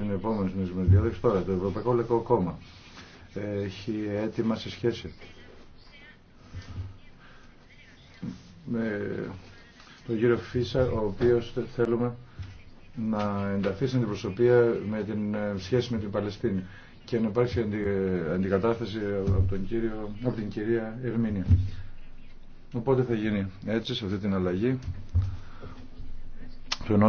την επόμενη συνεισμένη τώρα, το Ευρωπαϊκό Λεκό Κόμμα έχει έτοιμα σε σχέση με τον κύριο Φίσα, ο οποίος θέλουμε να ενταθεί στην προσωπία με την ε, σχέση με την Παλαιστίνη και να υπάρξει αντικατάσταση από, τον κύριο, την κυρία Ερμήνια. Οπότε θα γίνει έτσι σε αυτή την αλλαγή του ενός